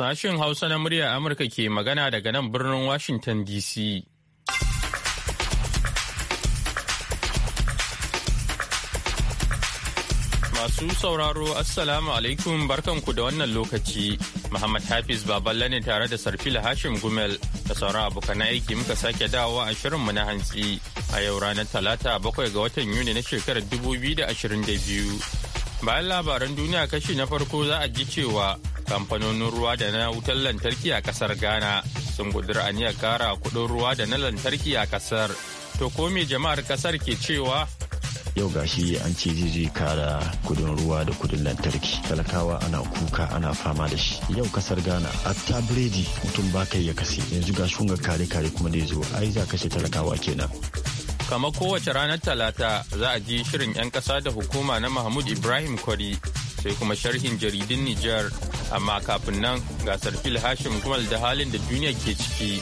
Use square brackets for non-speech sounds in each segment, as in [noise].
Sashen Hausa na murya Amurka ke magana daga nan birnin Washington DC. Masu sauraro Assalamu alaikum barkanku da wannan lokaci. Muhammad Hafiz Baballe ne tare da Sarfila Hashim Gumel da sauran abokan aiki muka sake dawowa a shirin mu na hantsi a yau ranar Talata bakwai ga watan Yuni na shekarar 2022. Bayan labaran duniya kashi na farko za a ji cewa kamfanonin ruwa da na wutar lantarki a kasar ghana sun a aniyar kara kudin ruwa da na lantarki a kasar to ko me jama'ar kasar ke cewa yau gashi an ce zai kara kudin ruwa da kudin lantarki talakawa ana kuka ana fama da shi yau kasar ghana ta biredi mutum ba kai ya kasi yanzu ga shunga kare kare kuma zai zo ai za kashe talakawa kenan kama kowace ranar talata za a ji shirin 'yan kasa da hukuma na mahmud ibrahim kwari sai kuma sharhin jaridin nijar amma kafin nan gasar fil hashim kuma da halin da duniya ke ciki.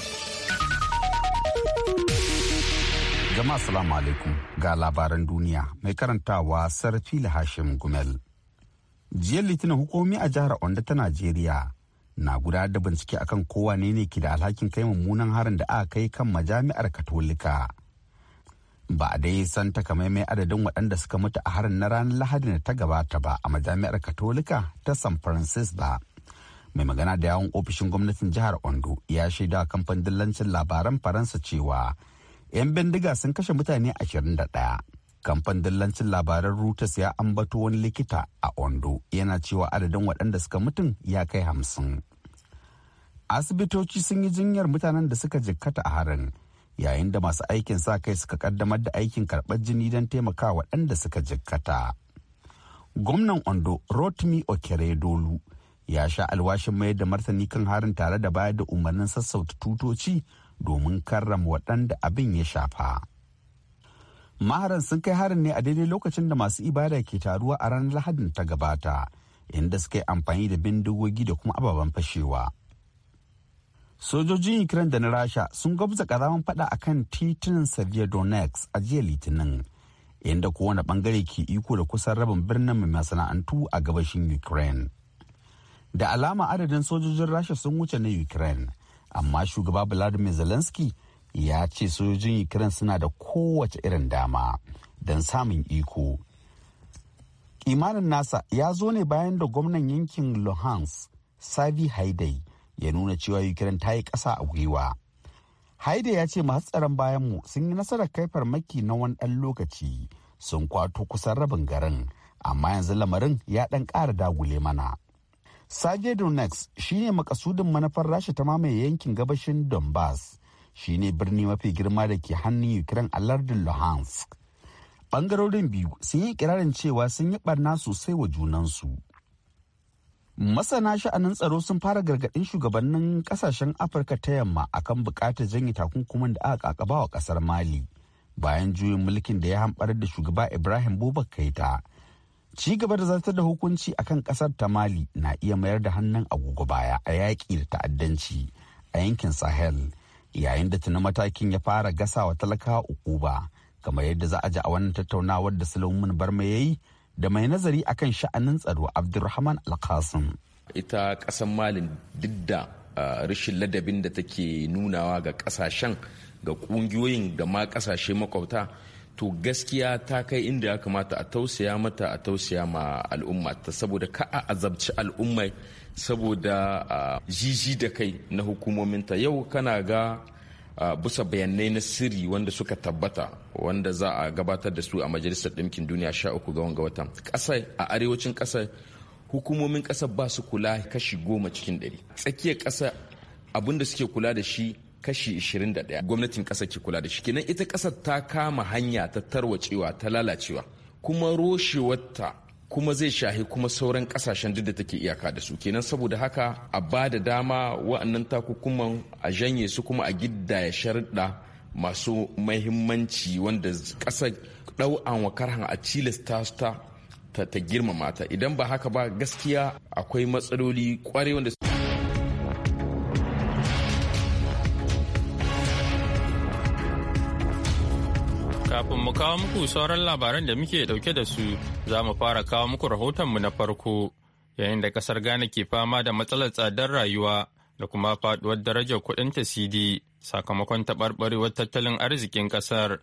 Jama'a salamu alaikum ga labaran duniya mai karantawa sarfil hashim gumel. Jiya litinin hukumi a jihar Onda ta Najeriya na guda da bincike akan kowa ne ne ke da alhakin kai mummunan harin da aka kai kan majami'ar katolika ba a dai san takamaimai adadin waɗanda suka mutu a harin na ranar lahadi da ta gabata ba a majami'ar katolika ta san francis ba mai magana da yawon ofishin gwamnatin jihar ondo ya shaida kamfanin dillancin labaran faransa cewa 'yan bindiga sun kashe mutane 21 kamfanin dillancin labaran reuters ya ambato wani likita a ondo yana cewa adadin waɗanda suka mutum ya kai hamsin asibitoci sun yi jinyar mutanen da suka jikkata a harin yayin da masu aikin sa kai suka kaddamar da aikin karɓar jini don taimakawa waɗanda suka jikkata. Gwamnan Ondo Rotimi Okeredolu ya sha alwashin mayar da martani kan harin tare da bayar da umarnin sassauta tutoci domin karrama waɗanda abin ya shafa. Maharan sun kai harin ne a daidai lokacin da masu ibada ke taruwa a ranar Lahadin ta gabata, inda suka yi amfani da bindigogi da kuma ababen fashewa. sojojin ukraine da na rasha sun gwabza karamin fada akan titunan donetsk a jiya litinin inda kowane bangare ke iko da kusan rabin birnin mai masana'antu a gabashin ukraine da alama adadin sojojin rasha sun wuce na ukraine amma shugaba vladimir zelensky ya ce sojojin ukraine suna da kowace irin dama don samun iko imanin nasa ya zo ne bayan da gwamnan yankin luhansk savi haidai ya nuna cewa Ukraine ta yi ƙasa a gwiwa. Haide ya ce masu tsaron bayanmu sun yi nasarar kai farmaki na wani ɗan lokaci sun kwato kusan rabin garin amma yanzu lamarin ya ɗan ƙara dagule mana. Donex shi ne makasudin manufar Rasha ta mamaye yankin gabashin Donbass shi ne birni mafi girma da ke hannun Ukraine a lardin Luhansk. Bangarorin biyu sun yi kirarin cewa sun yi barna sosai wa junansu masana sha'anin tsaro sun fara gargaɗin shugabannin ƙasashen afirka ta yamma akan buƙatar janye takunkuman da aka kakaba wa ƙasar mali bayan juyin mulkin da ya hamɓar da shugaba ibrahim bubakar kaita ci gaba da zartar da hukunci akan ƙasar ta mali na iya mayar da hannun agogo baya a yaƙi da ta'addanci a yankin sahel yayin da tuni matakin ya fara gasa gasawa talakawa ukuba kamar yadda za a ji a wannan tattaunawar da sulaiman barma ya yi da mai nazari akan sha'anin tsaro abdulrahman alkasim ita kasan malin duk da ah, rashin ladabin da take nunawa ga kasashen ga kungiyoyin da ma kasashe makwabta to gaskiya ta kai inda ya kamata a tausaya mata a tausaya ma al'umma ta saboda ka a azabci al'ummai saboda ah, jiji da kai na hukumominta yau kana ga bisa bayanai na sirri wanda suka tabbata wanda za a gabatar da su a majalisar ɗinkin duniya sha uku ga wanga watan ƙasa a arewacin ƙasa hukumomin ƙasa ba su kula kashi goma cikin ɗari tsakiyar ƙasa abin suke kula da shi kashi 21 gwamnatin ƙasa ke kula da shi kenan ita ƙasar ta kama hanya ta tarwacewa ta lalacewa kuma roshewarta kuma zai shahi kuma sauran kasashen duk da take iyaka da su kenan saboda haka a ba da dama wa'annan takukuman a janye su kuma a gidda ya sharɗa masu mahimmanci wanda ƙasar an wa karhan a cilasta ta ta girmama ta idan ba haka ba gaskiya akwai matsaloli kwarai wanda Kafin mu kawo muku sauran labaran da muke dauke da su, za mu fara kawo muku rahotonmu na farko. Yayin da kasar Ghana ke fama da matsalar tsadar rayuwa da kuma faduwar darajar kudin ta CD sakamakon taɓarɓarewar tattalin arzikin ƙasar.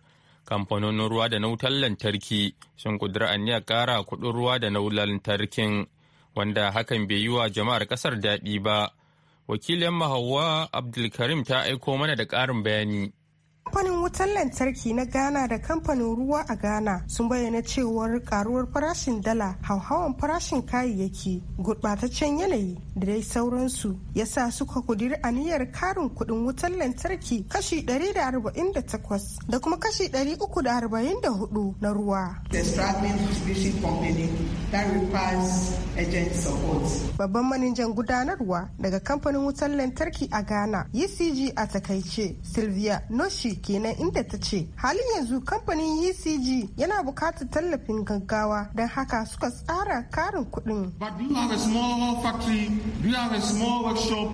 Kamfanonin ruwa da na wutar lantarki sun kudura aniyar ƙara kuɗin ruwa da na wutar lantarkin, wanda hakan bai yi wa jama'ar ƙasar daɗi ba. Wakilin Mahawa Abdulkarim ta aiko mana da ƙarin bayani. Kamfanin wutar lantarki na Ghana da kamfanin ruwa a Ghana sun bayyana cewar karuwar farashin dala, hauhawan farashin kayayyaki, gurɓataccen yanayi da dai sauransu ya sa suka kudiri aniyar karin kuɗin wutar lantarki kashi 148 da kuma kashi 344 na ruwa. Babban manijan gudanarwa daga kamfanin wutar lantarki a Ghana, ECG a takaice, Sylvia Noshi kenan inda ta ce halin yanzu kamfanin ECG yana bukatar tallafin gaggawa don haka suka tsara karin kudin.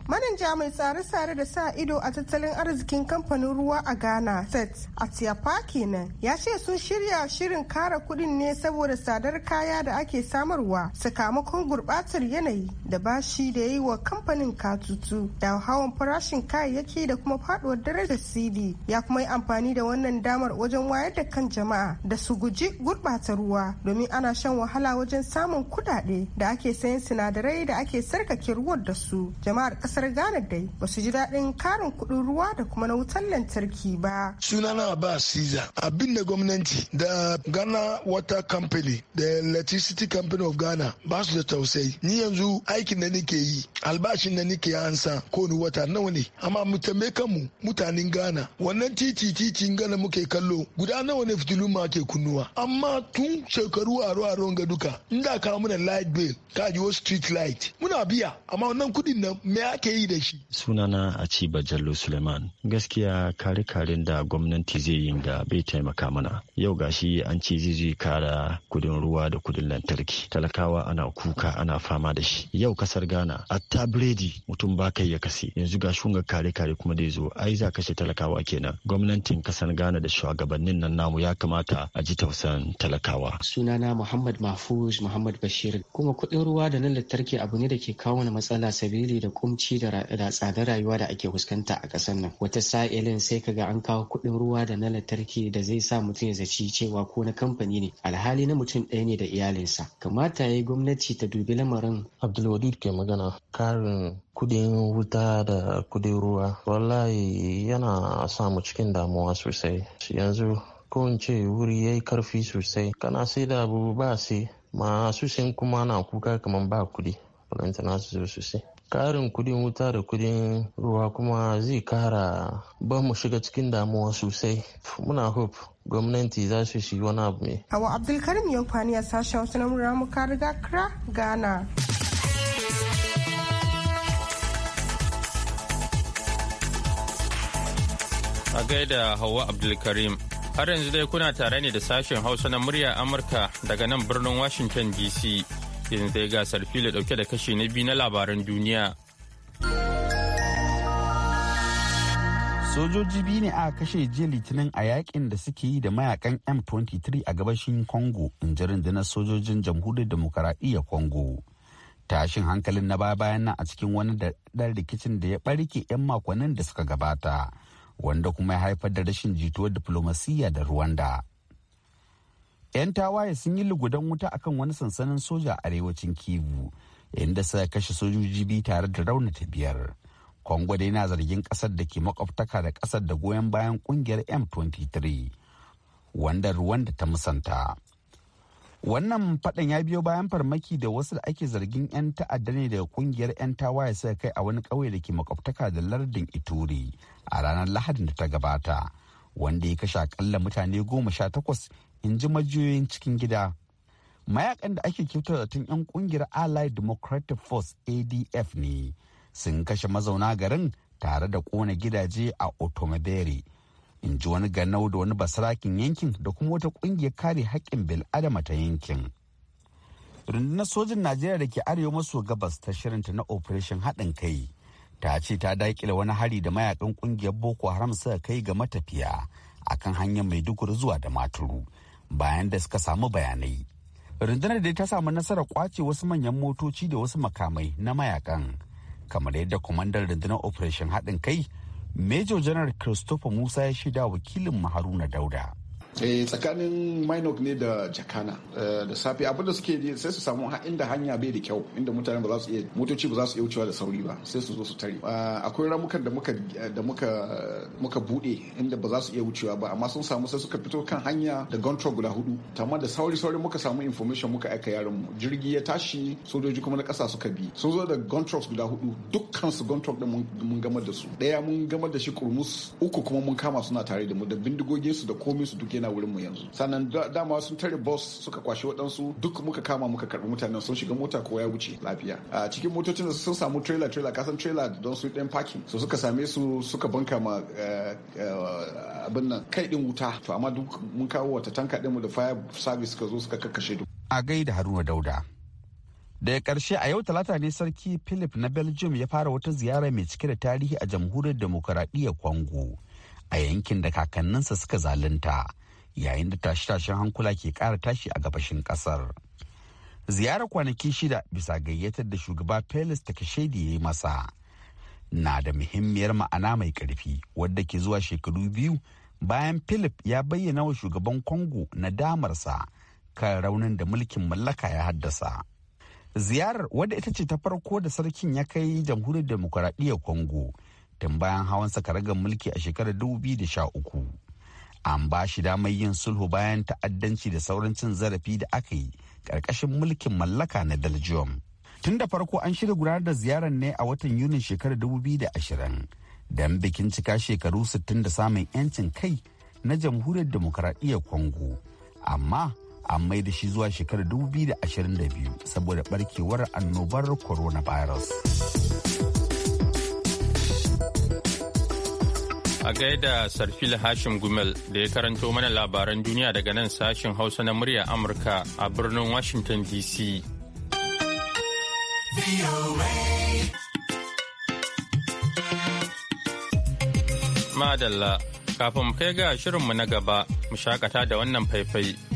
manaja mai tsare-tsare da sa ido a tattalin arzikin kamfanin ruwa a Ghana set a tiyafa kenan ya ce sun shirya shirin kara kudin ne saboda sadar kaya da ake samarwa sakamakon gurbatar yanayi da bashi da yi wa kamfanin katutu da hawan farashin kayayyaki da kuma faɗuwar darajar CD kuma yi amfani da wannan damar wajen wayar da kan jama'a da su guji gurɓata ruwa domin ana shan wahala wajen samun kudade da ake sayan sinadarai da ake sarkake ruwan da su jama'ar kasar ghana dai ba su ji daɗin karin kuɗin ruwa da kuma na wutar lantarki ba. sunana ba siza abin da gwamnati da ghana water company da electricity company of ghana ba su da tausayi ni yanzu aikin da nake yi albashin da nake ansa kowane wata nawa ne amma mu kanmu mutanen ghana wannan titi titi gana muke kallo guda nawa ne fitilun ma ke kunnuwa amma tun shekaru aro aro ga duka in da kawo mana light bill ka wasu street light muna biya amma wannan kudin nan me ake yi da shi sunana a ci bajallo suleiman gaskiya kare karen da gwamnati zai yi da bai taimaka mana yau gashi an ce zai kara kudin ruwa da kudin lantarki talakawa ana kuka ana fama da shi yau kasar ghana atta biredi mutum ba kai ya kase yanzu ga shunga kare kare kuma da zo ai za kashe talakawa kenan gwamnatin kasar ghana da shugabannin nan namu ya kamata a ji tausan talakawa sunana muhammad mahfuz muhammad bashir kuma kuɗin ruwa da na lantarki abu ne da ke kawo matsala sabili da kumci da tsadar rayuwa da ake fuskanta a ƙasar nan wata sa'ilin sai ka ga an kawo kuɗin ruwa da na lantarki da zai sa mutum ya zaci cewa ko na kamfani ne alhali na mutum ɗaya ne da iyalinsa kamata ya yi gwamnati ta dubi lamarin abdulwadud ke magana karin kudin wuta da kudin ruwa wallahi yana samu cikin damuwa sosai yanzu ko in ce wuri yayi yi karfi sosai kana sai da abu ba sai masu sin kuma na kuka kamar ba kudi balantana su zo sosai karin kudin wuta da kudin ruwa kuma zai kara ba mu shiga cikin damuwa sosai muna hope gwamnati za su shi wani abu ne. Hawa Abdulkarim Yankwani a sashen wasu na murar muka riga kira Ghana. A gaida Hauwa Abdulkarim. Har yanzu dai kuna tare ne da sashen Hausa na murya Amurka daga nan birnin Washington DC. Yanzu dai gasar fili dauke da kashi na biyu na labaran duniya. Sojoji biyu ne aka kashe jiya litinin a yakin da suke yi da mayakan M23 a gabashin Congo in ji rundunar sojojin jamhuriyar demokaradiyyar Congo. Tashin hankalin na baya bayan nan a cikin wani da rikicin da ya ɓarke 'yan makonnin da suka gabata. wanda kuma ya haifar da rashin jituwar diflomasiyya da Rwanda. 'Yan tawaye sun yi lugudan wuta akan wani sansanin soja a arewacin Kivu, inda suka kashe sojoji biyu tare da raunata biyar. Kongo dai na zargin kasar da ke makwabtaka da kasar da goyon bayan kungiyar M23, wanda Rwanda ta musanta. wannan faɗan ya biyo bayan farmaki da wasu da ake zargin 'yan ta'adda ne daga kungiyar 'yan tawaye suka kai a wani ƙauye da ke makwabtaka da lardin ituri a ranar lahadin da ta gabata wanda ya kashe akalla mutane goma sha takwas in ji majiyoyin cikin gida mayakan da ake kyautar da tun 'yan kungiyar allied democratic force adf ne sun kashe mazauna garin tare da kona gidaje a otomobere in ji wani ganau da wani basarakin yankin da kuma wata kungiyar kare haƙƙin bil'adama ta yankin rundunar sojin najeriya da ke arewa maso gabas ta shirinta na operation haɗin kai ta ce ta daƙile wani hari da mayakan kungiyar boko haram suka kai ga matafiya akan hanyar maiduguri zuwa da maturu bayan da suka samu bayanai rundunar da ta samu nasarar kwace wasu manyan motoci da wasu makamai na mayakan kamar yadda kwamandan rundunar operation haɗin kai Major janar Christopher Musa ya shaida wakilin Haruna Dauda. eh tsakanin minok ne da jakana eh, da safe abin da suke sai su samu inda hanya bai da kyau inda mutane ba za su iya motoci ba za su iya wucewa da sauri ba sai su zo su tare ah, akwai ramukan da muka da muka muka bude inda ba za su iya wucewa ba amma sun samu sai suka fito kan hanya da gontro guda hudu tamma da sauri sauri muka samu information muka aika yaran mu jirgi ya tashi sojoji kuma na kasa suka bi sun zo da gontro guda hudu dukkan su gontro da mun gama da su daya mun gama da shi kurmus uku kuma mun kama suna tare da mu da bindigogin su da komai su duke yana wurin mu yanzu sannan dama sun tare bus suka kwashi waɗansu duk muka kama muka karɓi mutanen sun shiga mota ko ya wuce lafiya a cikin motocin da sun samu trailer trailer kasan trailer don su ɗan parking so suka same su suka banka ma eh, eh, abin nan kai din wuta to amma duk mun kawo wata tanka ɗin mu da fire service suka zo suka kakkashe duk a gaida haruna dauda daga ƙarshe a yau talata ne sarki philip na belgium ya fara wata ziyara mai cike da tarihi a jamhuriyar demokaradiyyar congo a yankin da kakanninsa suka zalunta yayin da tashe-tashen hankula ke ƙara tashi a gabashin ƙasar. ziyarar kwanaki shida bisa gayyatar da shugaba ta Pelis da ya yi masa na da muhimmiyar ma'ana mai karfi wadda ke zuwa shekaru biyu bayan Philip ya bayyana wa shugaban kongo na damarsa kan raunin da mulkin mallaka ya haddasa. Ziyarar wadda ita ce ta farko da sarkin ya kai jamhuriyar demokuraɗiyyar Congo tun bayan hawan sakaragar mulki a shekarar 2013. an ba shi damar yin sulhu bayan ta'addanci da sauran cin zarafi da aka yi ƙarƙashin mulkin mallaka na belgium tun da farko an shirya gudanar da ziyarar ne a watan yunin shekarar 2020 don bikin cika shekaru 60 da samun 'yancin kai na jamhuriyar demokaradiyyar congo amma an mai da shi zuwa shekarar 2022 saboda barkewar annobar coronavirus. A gaida Sarfil Hashim Gumel da ya karanto mana labaran duniya daga nan sashin Hausa na murya Amurka a birnin Washington DC. Madalla, kafin kai ga shirinmu na gaba, mu shakata da wannan faifai.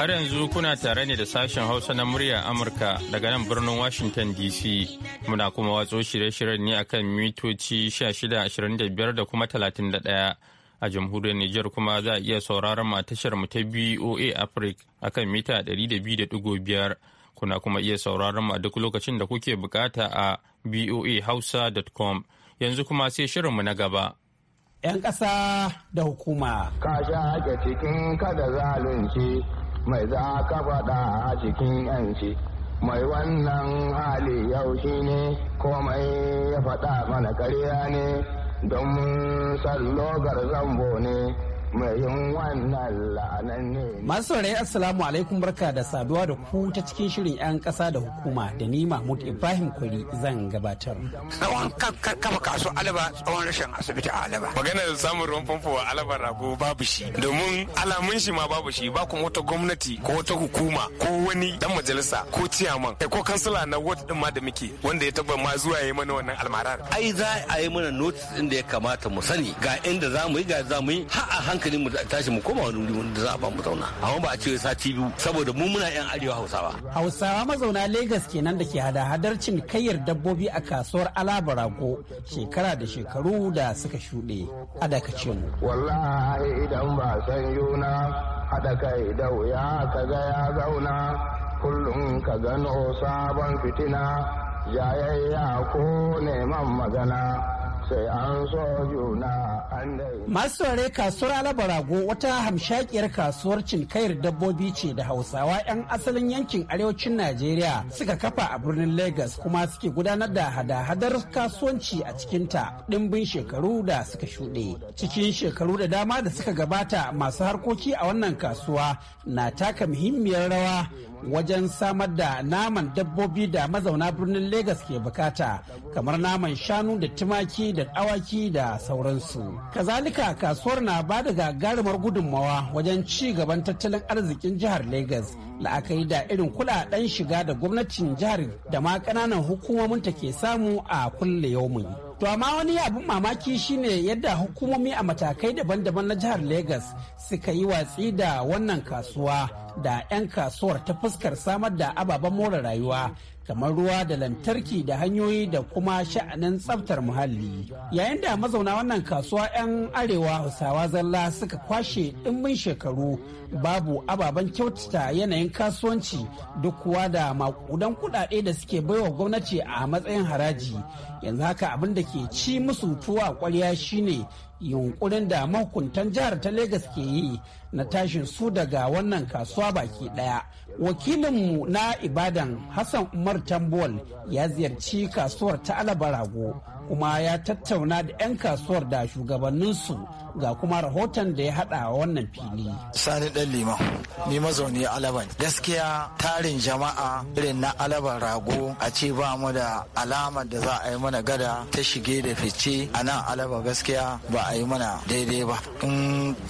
Har yanzu kuna tare ne da sashen Hausa na murya Amurka daga nan birnin Washington DC. Muna kuma watso shirye-shiryen ne akan mitoci 1625 da kuma 31 a jamhuriyar Nijar kuma za a iya sauraron a tashar mu ta BOA Africa akan mita 200.5 kuna kuma iya sauraron mu a duk lokacin da kuke bukata a boahausa.com yanzu kuma sai shirin mu na gaba. 'Yan ƙasa da hukuma. Ka sha cikin kada zalunci mai za ka faɗa a cikin yanci mai wannan hali yau shi ne komai ya faɗa mana karya ne don sallogar zambo ne Masu saurayi asalamu alaikum barka da saduwa da ku ta cikin shirin 'yan kasa da hukuma da ni Mahmud Ibrahim Kwari zan gabatar. Tsawon kafa kasu alaba tsawon rashin asibiti a alaba. Magana da samun ruwan famfo a alaba rago babu shi domin alamun shi ma babu shi ba kuma wata gwamnati ko wata hukuma ko wani dan majalisa ko ciyaman ko kansila na wata din ma da muke wanda ya taba ma zuwa yi mana wannan almarar. Ai za a yi mana notice din da ya kamata mu sani ga inda za mu yi ga za mu yi har hankali mu tashi mu koma wani wuri da za a ba mu zauna amma ba a ce sati biyu saboda mu muna yan arewa hausawa hausawa mazauna lagos kenan da ke hada-hadar kayyar dabbobi a kasuwar alaba shekara da shekaru da suka shuɗe a dakacin wallahi idan ba san yuna haɗa kai da wuya ka ga ya zauna kullum ka gano sabon fitina jayayya ko neman magana sai an so juna Masu saurare kasuwar Alabarago wata hamshakiyar kasuwar cinkayar dabbobi ce da Hausawa 'yan asalin yankin arewacin Najeriya suka kafa a birnin Legas kuma suke gudanar da hada-hadar kasuwanci a cikinta ɗimbin shekaru da suka shuɗe. Cikin shekaru da dama da suka gabata masu harkoki a wannan kasuwa na taka muhimmiyar rawa wajen samar da naman dabbobi da mazauna birnin Legas ke bukata kamar naman shanu da tumaki da awaki da sauransu. Kazalika kasuwar na ba da gagarumar gudunmawa wajen ci gaban tattalin arzikin jihar Legas la'akari da irin kudaden shiga da gwamnatin jihar da ma kananan hukumomin ta ke samu a kulle yaumin. To amma wani abin mamaki shine yadda hukumomi a matakai daban-daban na jihar Legas suka yi watsi da wannan kasuwa da 'yan kasuwar ta fuskar samar da ababen more rayuwa kamar ruwa da lantarki da hanyoyi da kuma sha'anin tsaftar muhalli yayin da mazauna wannan kasuwa 'yan arewa hausawa zalla suka kwashe ɗimbin shekaru babu ababen kyautata yanayin kasuwanci duk kuwa da makudan kuɗaɗe da suke baiwa gwamnati a matsayin haraji yanzu haka abin da ke ci musu tuwa kwarya shine yunkurin da mahukuntan jihar ta Legas ke yi na tashin su daga wannan kasuwa baki ɗaya. wakilinmu na ibadan hassan umar tambol ya ziyarci kasuwar ta Alaba Rago kuma ya tattauna da 'yan kasuwar da shugabanninsu ga kuma rahoton da ya hada wannan fili sani dan liman ni mazauni alaban gaskiya tarin jama'a irin na alaban rago a ce ba mu da alamar da za a yi mana gada ta shige da fice a nan alaba gaskiya ba a yi mana daidai ba in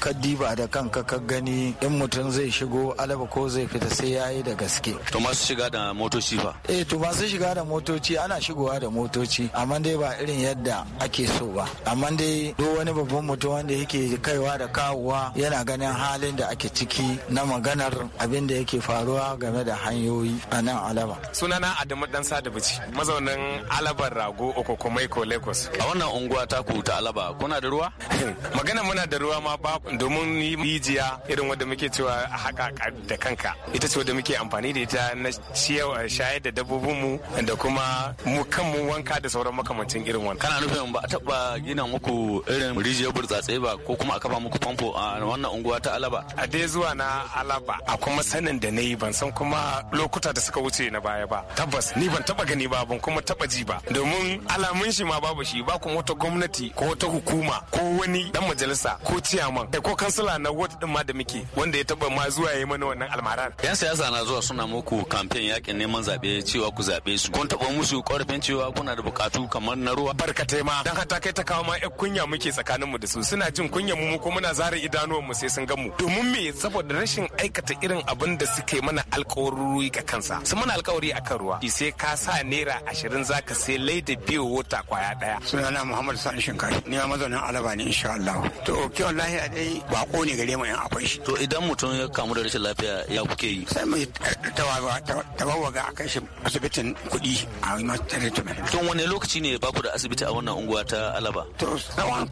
ka diba da kanka ka gani in mutum zai shigo alaba ko zai fita sai yi da gaske to masu shiga da motoci fa eh to masu shiga da motoci ana shigowa da motoci amma dai ba irin yadda ake so ba amma dai duk wani babban mutum wanda yake kaiwa da kawowa yana ganin halin da ake ciki na maganar abin da yake faruwa game da hanyoyi a nan alaba sunana adamu dan sadabuci mazaunin alabar rago okoko maiko lagos a wannan unguwa ta ku ta alaba kuna da ruwa [laughs] magana muna da ruwa ma ba domin rijiya irin wanda muke cewa haka da kanka ita so da muke amfani da ita na shayar da dabbobinmu da kuma mu kanmu wanka da sauran makamancin irin wannan kana nufin ba a taba gina muku irin rijiyar burtsatse ba ko kuma a ba muku famfo a wannan unguwa ta alaba a dai zuwa na alaba a kuma sanin da na yi ban san kuma lokuta da suka wuce na baya ba tabbas ni ban taba gani ba ban kuma taba ji ba domin alamun shi ma babu shi ba kuma wata gwamnati ko wata hukuma ko wani dan majalisa ko ciyaman ko kansila na wata din ma da muke wanda ya taba ma zuwa yayi mana wannan almarar siyasa na zuwa suna muku kamfen yakin neman zaɓe cewa ku zaɓe su kun taɓa musu ƙorafin cewa kuna da buƙatu kamar na ruwa barkatai ma dan hata kai ta kawo ma ƴan kunya muke mu da su suna jin kunya mu ko muna zara idanuwan mu sai sun gan mu domin me saboda rashin aikata irin abin da suke mana alƙawaruri ga kansa su mana alƙawari akan ruwa sai ka sa naira ashirin zaka sai laida biyu wata kwaya ɗaya sunana muhammad sani shinkari ni ma mazaunin alaba ne insha Allah to wallahi a dai bako ne gare mu yan akwai shi to idan mutum ya kamu da rashin lafiya ya kuke yi sai mai ga a kashi asibitin kuɗi a yi masu treatment. Tun wani lokaci ne ba ku da asibiti a wannan unguwa ta Alaba? To tsawon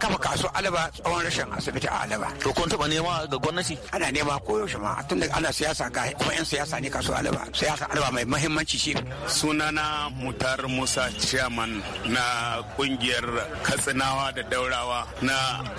kama kaso Alaba tsawon rashin asibiti a Alaba. To kun taɓa nema ga gwamnati? Ana nema ko yaushe ma tun da ana siyasa ga kuma 'yan siyasa ne kaso Alaba. Siyasa Alaba mai mahimmanci shi. Sunana Mutar Musa Chairman na kungiyar Katsinawa da Daurawa na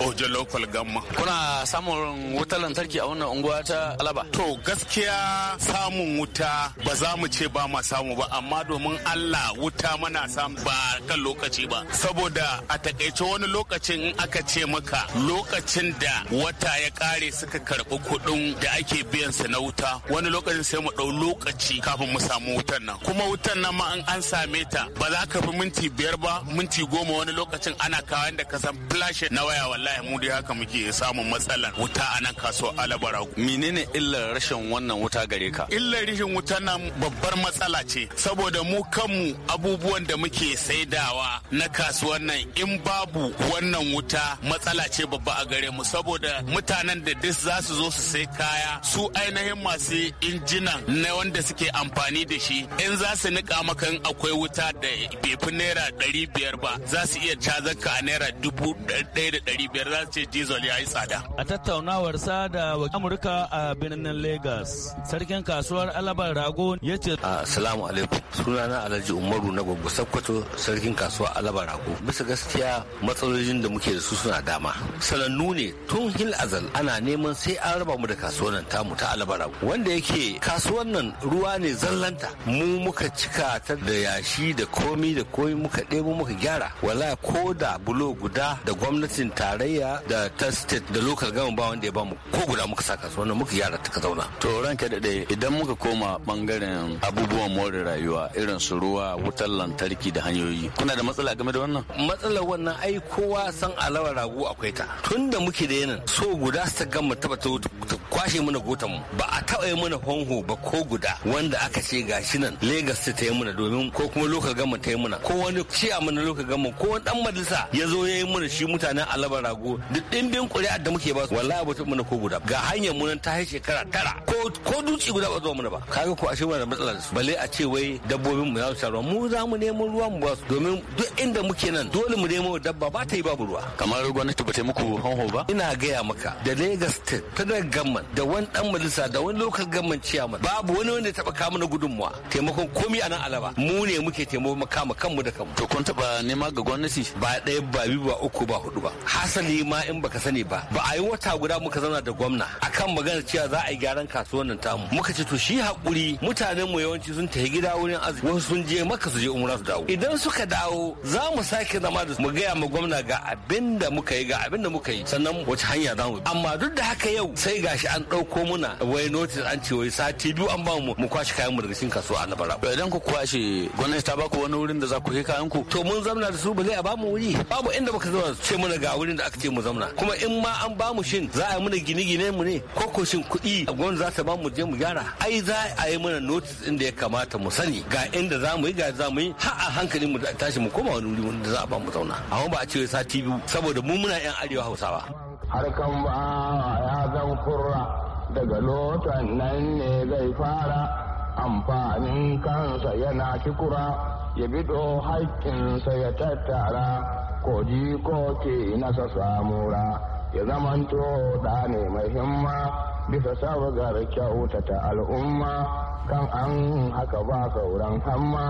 Ojo Local Gamma. Kuna samun wutar lantarki a wannan unguwa ta Alaba? To gaskiya gaskiya samun wuta ba za mu ce ba ma samu ba amma domin Allah wuta mana samu ba kan lokaci ba saboda a takaice wani lokacin in aka ce maka lokacin da wata ya kare suka karbi kuɗin da ake biyan su na wuta wani lokacin sai mu ɗau lokaci kafin mu samu wutan nan kuma wutan nan ma an same ta ba za ka fi minti biyar ba minti goma wani lokacin ana kawo da ka san flash na waya wallahi mu dai haka muke samun matsalar wuta a nan kaso alabara menene illar rashin wannan wuta gare ka illar rishin wuta nan babbar matsala ce saboda mu kanmu abubuwan da muke saidawa na kasuwan nan in babu wannan wuta matsala ce babba a gare mu saboda mutanen da duk za su zo su sai kaya su ainihin masu injinan na wanda suke amfani da shi in za su nika maka akwai wuta da bai naira ɗari biyar ba za su iya ka a naira dubu ɗaya da ɗari biyar za su ce diesel ya yi tsada. a tattaunawar sa da amurka a birnin lagos Sarkin kasuwar Alabar Rago ya ce. Ah, Assalamu alaikum. Sunana Alhaji Umaru na Gwaggo Sakkwato sarkin kasuwar Alabar Rago. Bisa gaskiya matsalolin da muke da su suna dama. Sanannu ne tun hil azal ana neman sai an raba mu da kasuwar nan tamu ta Alabar Rago. Wanda yake kasuwar nan ruwa ne zallanta. Mu muka cika ta da yashi da komi da komi muka ɗebo muka gyara. Wala ko da bulo guda da gwamnatin tarayya da ta state da local government ba wanda ya ba mu ko guda muka sa kasuwar nan muka gyara ta ka zauna. To ranka ranke da ɗaya idan muka koma bangaren abubuwan more rayuwa irin su ruwa wutar lantarki da hanyoyi kuna da matsala game da wannan matsalar wannan ai kowa san alawar rago akwai ta tun da muke da yanin so guda su ga mu taba ta kwashe mana gotan mu ba a taba yi mana honho ba ko guda wanda aka ce gashi nan legas ta yi mana domin ko kuma lokal gama ta yi mana ko wani a mana lokal gama ko wani dan majalisa ya zo ya yi mana shi mutanen alawar rago duk dimbin kuri'a da muke ba su wallahi ba ta mana ko guda ga hanyar mu nan ta shekara tara ko ko dutse guda ba zuwa mu ba kaga ko ashe wannan matsalar su balle a ce wai dabbobin mu za su ruwa mu za mu nemo ruwa mu ba su domin duk inda muke nan dole mu nemo dabba ba ta yi babu ruwa kamar gwamnati ba ta muku hanho ba ina gaya maka da Lagos state da gamman. da wani dan majalisa da wani local government chairman babu wani wanda ya taba kama na gudunmuwa taimakon komi a nan alaba mu ne muke taimako kama kanmu da kanmu to kun taba nema ga gwamnati ba ɗaya ba biyu ba uku ba hudu ba hasali ma in baka sani ba ba a yi wata guda muka zauna da gwamna akan magana cewa za a yi gyaran kasuwan nan mu muka ce to shi hakuri mutanen mu yawanci sun tafi gida wurin azumi wasu sun je maka su je umra su dawo idan suka dawo za mu sake zama da mu gaya ma gwamna ga abin da muka yi ga abin da muka yi sannan wace hanya za mu amma duk da haka yau sai gashi an ɗauko muna wai notice an ce wai sati biyu an ba mu mu kwashe kayan mu daga cikin kasuwa na bara idan ku kwashe gwamnati ta baku wani wurin da za ku kai kayan ku to mun zamna da su ba zai a ba mu wuri babu inda baka zama ce muna ga wurin da aka ce mu zamna kuma in ma an ba mu shin za a yi muna gine-gine mu ne ko ko shin kuɗi gwamnati za ta ba mu je mu gyara ai za a yi mana notis din da ya kamata mu sani ga inda za mu yi ga za mu yi har a hankali mu tashi mu koma wani wuri wanda za a ba mu zauna amma ba a ce sati biyu saboda mu muna yan arewa hausawa harkan ba ya zan kurra daga lotan nan ne zai fara amfanin kansa yana kikura ya bido haƙƙinsa ya tattara ji ko ke nasa samura ya zamanto da ne mai himma bisa sabagar kyautata al'umma kan an haka ba sauran hamma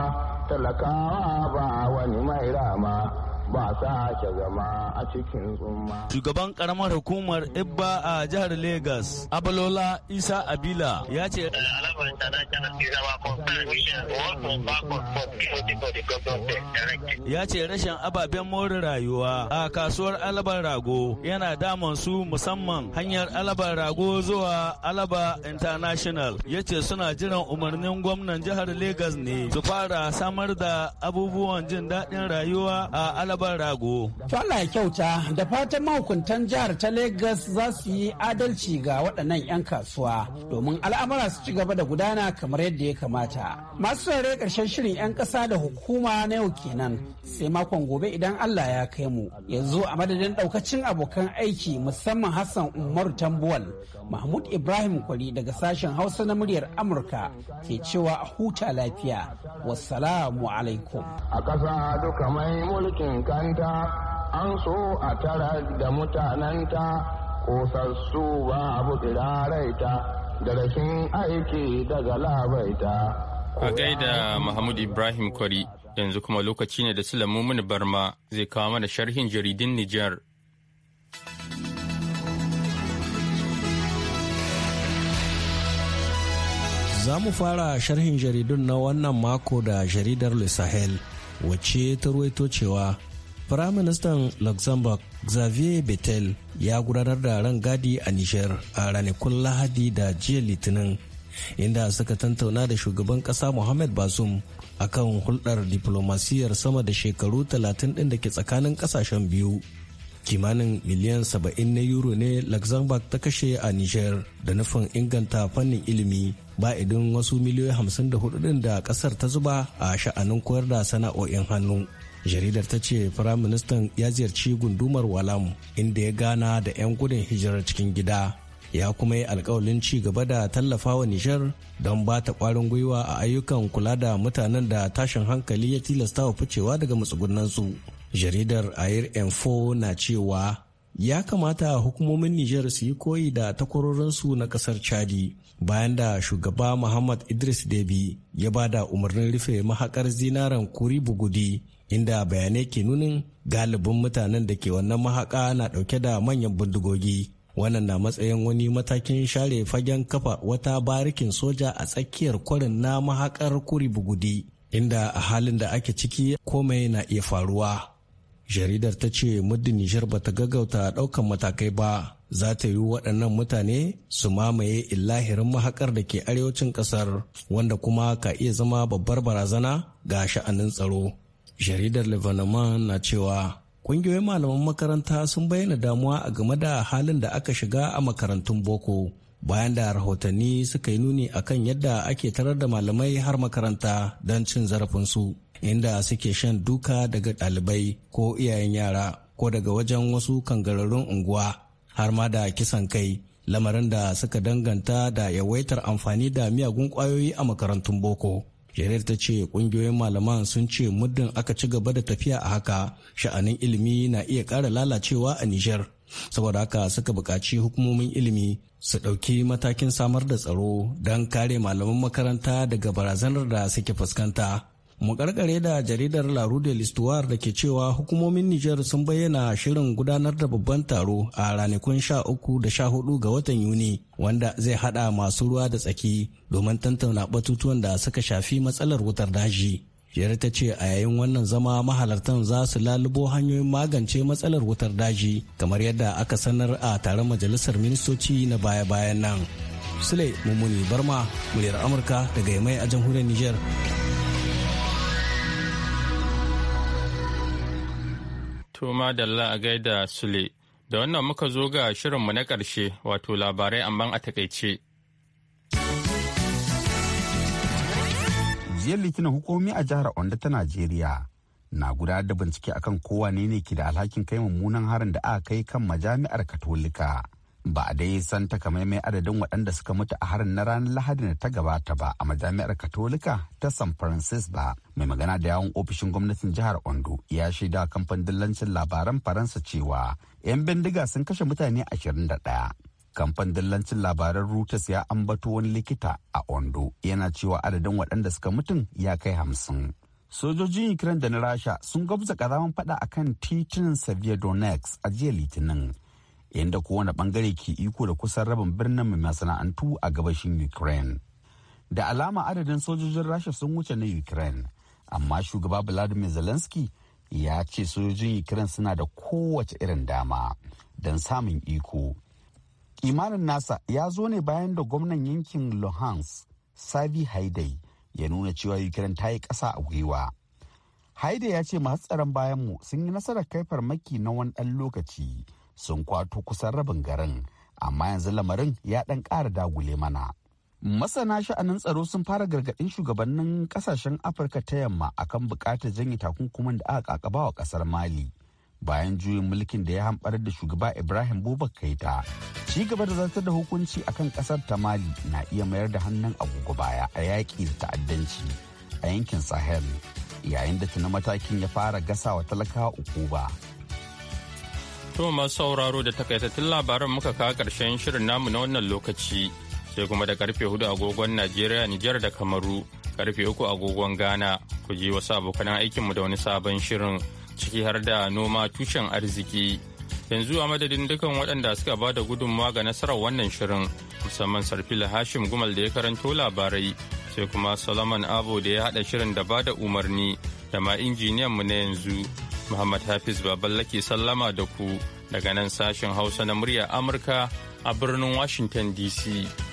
talakawa ba wani mai rama ba zama a cikin tsumma. Shugaban karamar hukumar Ibba a jihar Legas, Abalola Isa Abila ya ce. Ya ce rashin ababen more rayuwa a kasuwar alabar rago yana damun su musamman hanyar alabar rago zuwa alaba international ya ce suna jiran umarnin gwamnan jihar Legas ne su fara samar da abubuwan jin daɗin rayuwa a alaba na ban rago. To kyauta da fatan mahukuntan jihar ta Legas za su yi adalci ga waɗannan 'yan kasuwa domin al'amura su ci gaba da gudana kamar yadda ya kamata. Masu tsare ƙarshen shirin 'yan ƙasa da hukuma na yau kenan sai makon gobe idan Allah ya kai mu. Yanzu a madadin ɗaukacin abokan aiki musamman Hassan Umaru Tambuwal Mahmud Ibrahim Kwari daga sashen Hausa na muryar Amurka ke cewa a huta lafiya. Wassalamu alaikum. A ƙasa duka mai mulkin kanta an so a tara da mutananta kosassu ba abu tsiraraita da rashin aiki daga labaita. A gaida Mahmud Ibrahim Kwari yanzu kuma lokaci ne da Sulamu Barma zai kawo mana sharhin jaridin Nijar. Za mu fara sharhin jaridun na wannan mako da jaridar Le Sahel, wacce ta ruwaito cewa Firaministan Luxembourg Xavier Betel ya gudanar da ran gadi a Nijar a ranakun Lahadi da jiya Litinin, inda suka tantauna da shugaban ƙasa Mohamed Bazoum akan hulɗar diplomasiyar sama da shekaru 30 ɗin da ke tsakanin ƙasashen biyu. kimanin miliyan 70 na euro ne luxembourg ta kashe a niger da nufin inganta fannin ilimi ba idin wasu miliyoyi 54 ɗin da ƙasar ta zuba a sha'anin koyar da sana'o'in hannu jaridar ta ce firaministan ya ziyarci gundumar walam inda ya gana da 'yan gudun hijirar cikin gida ya kuma yi alkawalin ci gaba da tallafawa nishar don ba ta kwarin gwiwa a ayyukan kula da mutanen da tashin hankali ya tilasta wa ficewa daga matsugunansu jaridar air info na cewa ya kamata hukumomin niger su yi koyi da takwarorinsu na kasar chadi bayan da shugaba muhammad idris debi ya ba da umarnin rufe mahakar zinaren kuri bugudi inda bayanai ke nunin galibin mutanen da ke wannan mahaka na dauke da manyan bindigogi wannan na matsayin wani matakin share fagen kafa wata barikin soja a tsakiyar kwarin na mahakar kuri bugudi inda a halin da ake ciki komai na iya faruwa jaridar ta ce muddin nijar bata gaggauta daukan matakai ba za ta yi waɗannan mutane su mamaye illahirin mahakar da ke arewacin ƙasar wanda kuma ka iya zama babbar barazana ga sha'anin tsaro jaridar lebanon na cewa ƙungiyoyin malaman makaranta sun bayyana damuwa a game da halin da aka shiga a makarantun boko bayan da rahotanni suka yi nuni akan yadda ake tarar da malamai har makaranta don cin zarafinsu inda suke shan duka daga ɗalibai ko iyayen yara ko daga wajen wasu kangararrun unguwa har ma da kisan kai lamarin da suka danganta da yawaitar amfani da miyagun ƙwayoyi a makarantun boko jarir ta ce ƙungiyoyin malaman sun ce muddin aka ci gaba da tafiya a haka sha'anin ilimi na iya ƙara lalacewa a nijar saboda haka suka buƙaci hukumomin ilimi su ɗauki matakin samar da tsaro don kare malaman makaranta daga barazanar da suke fuskanta mu karkare da jaridar la rue de l'histoire da ke cewa hukumomin niger sun bayyana shirin gudanar da babban taro a ranakun sha uku da sha hudu ga watan yuni wanda zai hada masu ruwa da tsaki domin tantauna batutuwan da suka shafi matsalar wutar daji jere ta ce a yayin wannan zama mahalartan za su lalubo hanyoyin magance matsalar wutar daji kamar yadda aka sanar a taron majalisar ministoci na baya-bayan nan sule mummuni barma muryar amurka daga mai a jamhuriyar niger da madalla a gaida Sule, da wannan muka zo ga shirinmu na ƙarshe wato labarai amma a takaice. jiyar litinin hukumomi a jihar Ondo ta Najeriya na guda da bincike akan kowa ne ne ke da alhakin kai mummunan harin da aka kai kan majami'ar Katolika ba a dai san takamaimai adadin waɗanda suka mutu a harin na ranar lahadi da ta gabata ba a majami'ar katolika ta san francis ba mai magana da yawon ofishin gwamnatin jihar ondo ya shaida kamfan dillancin labaran faransa cewa 'yan bindiga sun kashe mutane ashirin 21 kamfan dillancin labaran reuters ya ambato wani likita a ondo yana cewa adadin waɗanda suka mutun ya kai hamsin sojojin ukraine da na rasha sun gwabza karamin fada akan titunan severodonetsk a jiya litinin inda kowane bangare ke iko da kusan rabin birnin mai masana'antu a gabashin ukraine da alama adadin sojojin rasha sun wuce na ukraine amma shugaba vladimir zelensky ya ce sojojin ukraine suna da kowace irin dama don samun iko imanin nasa ya zo ne bayan da gwamnan yankin luhansk sabi haidai ya nuna cewa ukraine ta yi kasa a gwiwa haidai ya ce masu tsaron bayanmu sun yi nasarar kai farmaki na wani ɗan lokaci sun kwato kusan rabin garin amma yanzu lamarin ya ɗan ƙara dagule mana. Masana sha'anin tsaro sun fara gargaɗin shugabannin ƙasashen Afirka ta yamma akan buƙatar janye takunkuman da aka kakaba wa ƙasar Mali. Bayan juyin mulkin da ya hamɓar da shugaba Ibrahim Bubakar Keita, ci gaba da zartar da hukunci akan ƙasar ta Mali na iya mayar da hannun agogo baya a yaƙi da ta'addanci a yankin Sahel, yayin da tuna matakin ya fara gasa wa talakawa ukuba. ba. To masu sauraro da takaitattun labaran muka kawo karshen shirin namu na wannan lokaci sai kuma da karfe hudu agogon Najeriya Nijar da Kamaru karfe uku agogon Ghana ku ji wasu abokan aikinmu da wani sabon shirin ciki har da noma tushen arziki. Yanzu a madadin dukan waɗanda suka ba da gudunmawa ga nasarar wannan shirin musamman Sarfila Hashim Gumal da ya karanto labarai sai kuma Solomon Abo da ya haɗa shirin da ba da umarni da ma injiniyanmu na yanzu. Muhammad Hafiz baballe ke sallama da ku daga nan sashen Hausa na muryar Amurka a birnin Washington DC.